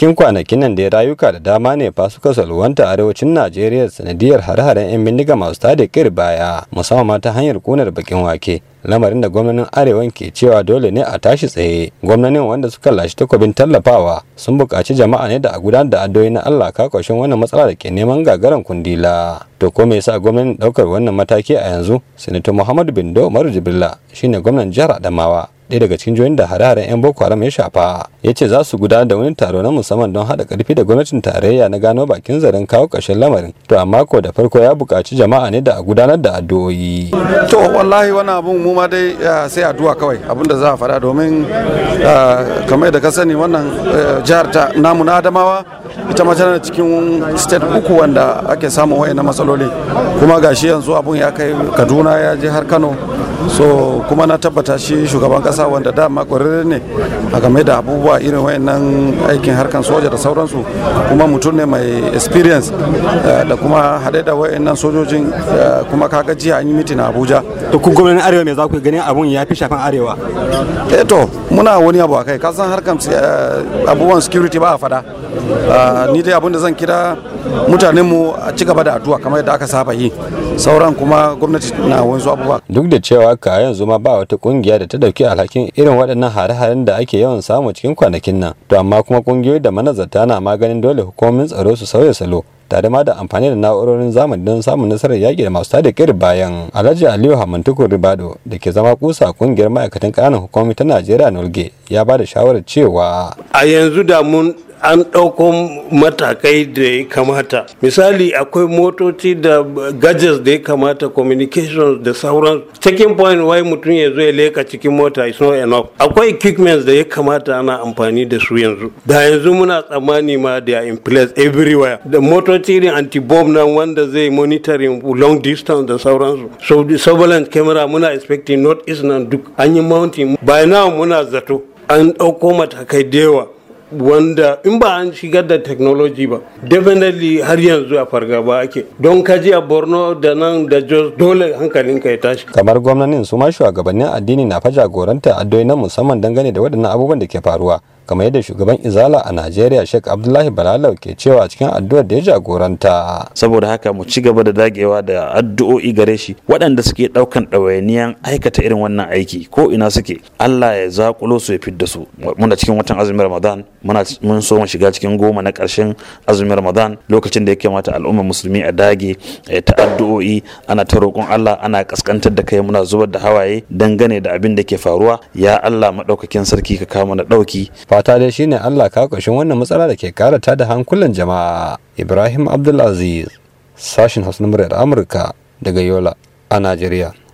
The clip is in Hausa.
cikin kwanakin nan da ya rayuka da dama ne fa suka salwanta arewacin najeriya sanadiyar hare-haren 'yan bindiga masu tada kir baya musamman ta hanyar kunar bakin wake lamarin da gwamnanin arewan ke cewa dole ne a tashi tsaye gwamnanin wanda suka lashe takobin tallafawa sun buƙaci jama'a ne da a gudanar da addoyi na allah kakoshin wannan matsala da ke neman gagaran kundila to ko me yasa gwamnanin ɗaukar wannan mataki a yanzu sanato muhammadu bindo umaru jibrila shine gwamnan jihar adamawa ɗaya daga cikin joyin da hare-haren 'yan boko haram ya shafa ya ce za su gudanar da wani taro na musamman don haɗa ƙarfi da gwamnatin tarayya na gano bakin zaren kawo ƙarshen lamarin to amma ko da farko ya buƙaci jama'a ne da a gudanar da addu'o'i to wallahi wani abun mu ma dai sai addu'a kawai abun da za a faɗa domin kamar da ka sani wannan eh, jihar ta namu na adamawa ita ma tana cikin state uku wanda ake samun na matsaloli kuma gashi yanzu abun ya kai kaduna ya je har kano so kuma na tabbata shi shugaban kasa wanda dama kwararre ne a game da abubuwa irin wayannan aikin harkan soja da sauransu kuma mutum ne mai experience eh, da kuma haɗe da wayannan sojojin eh, kuma kaga jiya an yi mitin abuja to ku gwamnatin arewa me za ku gani abun ya fi shafan arewa eh to muna wani abu akai kasan harkan eh, abubuwan security ba a fada Ah, ni dai abinda zan kira mutanenmu a ci gaba da addu'a kamar yadda aka saba yi sauran kuma gwamnati na wanzu abubuwa duk da cewa ka yanzu ma ba wata kungiya da ta dauki alhakin irin waɗannan hare-haren da ake yawan samu cikin kwanakin nan to amma kuma kungiyoyi da manazarta na maganin dole hukumomin tsaro su sauya salo tare ma da amfani da na'urorin zamani don samun nasarar yaƙi da masu tada kir bayan alhaji aliyu hamantukur ribado da ke zama kusa kungiyar ma'aikatan ƙananan hukumomi ta najeriya nolge ya ba da shawarar cewa a yanzu da mun an ɗauko matakai da ya kamata misali akwai motoci da gadgets da ya kamata communications da sauran checking point wai mutum ya zo ya leka cikin mota is not enough akwai equipments da ya kamata ana amfani da su yanzu da yanzu muna tsammani ma da in place everywhere da motoci irin anti-bomb na wanda zai monitoring long distance da sauransu so the surveillance camera muna expecting not east nan duk an yi mountain by now muna zato an ɗauko matakai da yawa wanda in ba an shigar da technology ba definitely har yanzu a fargaba ake don kaji a borno da nan da jos dole ka ya tashi kamar gwamnanin su ma shugabannin addini na fa jagoranta addoyi na musamman dangane da waɗannan abubuwan da ke faruwa kamar yadda shugaban izala a najeriya sheikh abdullahi balalau ke cewa cikin addu'ar da ya jagoranta saboda haka mu ci gaba da dagewa da addu'o'i gare shi waɗanda suke ɗaukan ɗawainiyan aikata irin wannan aiki ko ina suke allah ya zaƙulo su ya fidda su muna cikin watan azumin ramadan muna mun so mu shiga cikin goma na ƙarshen azumin ramadan lokacin da ya kamata al'ummar musulmi a dage ta addu'o'i ana ta roƙon allah ana kaskantar da kai muna zubar da hawaye dangane da abin da ke faruwa ya allah maɗaukakin sarki ka kama na ɗauki fata dai shine Allah ka ƙoshin wannan matsala da ke karata da hankulan jama'a Ibrahim Abdulaziz sashin Hausa na Amurka daga Yola a Najeriya